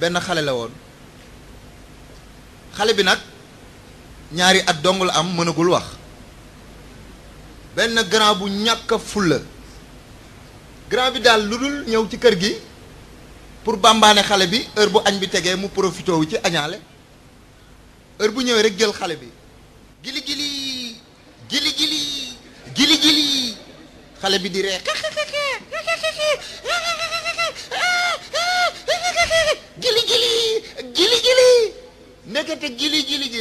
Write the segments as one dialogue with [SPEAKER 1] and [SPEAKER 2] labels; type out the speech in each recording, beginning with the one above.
[SPEAKER 1] benn xale la woon xale bi nag ñaari at dong la am mënagul wax benn grand bu ñàkk a fulla grand bi daal lu dul ñëw ci kër gi pour bàmbaane xale bi heure bu añ bi tege mu profité wu ci añaale heure bu ñëwee rek jël xale bi gili gili gili gili gili xale bi di ree ndekete gili gili gi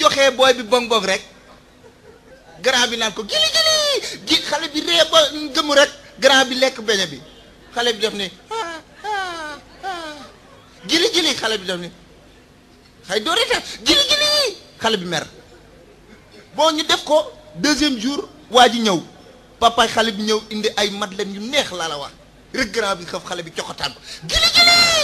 [SPEAKER 1] joxee booy bi bong rek grand bi naan ko gili xale bi ree ba gëmu bi lekk beñe bi xale bi def ni gili ah, ah, ah. gili xale bi def ni gili gili xale bi mer boo ñu def ko deuxième jour waa ji ñëw papa xale bi ñëw indi ay madeleine yu neex laa la wax rek grand bi xaf xale bi coxataan ko gili gili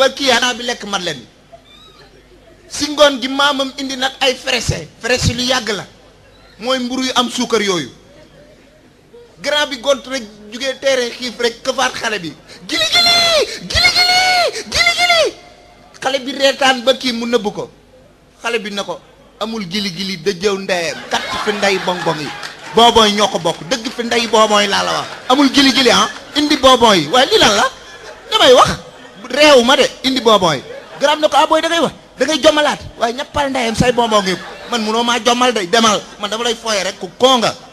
[SPEAKER 1] ba kii xanaa bi lekk mat leen si ngoon gi maamam indi nag ay fraise fraise lu yàgg la mooy mburu yu am suukar yooyu grand bi gont rek jugee teere xiif rek këfaat xale bi gili gili gili gili gili xale bi reetaan ba kii mu nëbb ko xale bi na ko amul gili gili dëjëw ndeyam kat fi ndey bonbon yi boobon yi ñoo ko bokk dëgg fi ndey boobon yi laa la wax amul gili gili ah indi boobon yi waaye lii lan la damay wax réew ma de indi bonbon garam na ko ah booy da ngay wax da ngay jommalaat waaye ñappal ndeyam say bonbon ngi man munoo maa jommal day demal ma dama lay fooye rek ku konga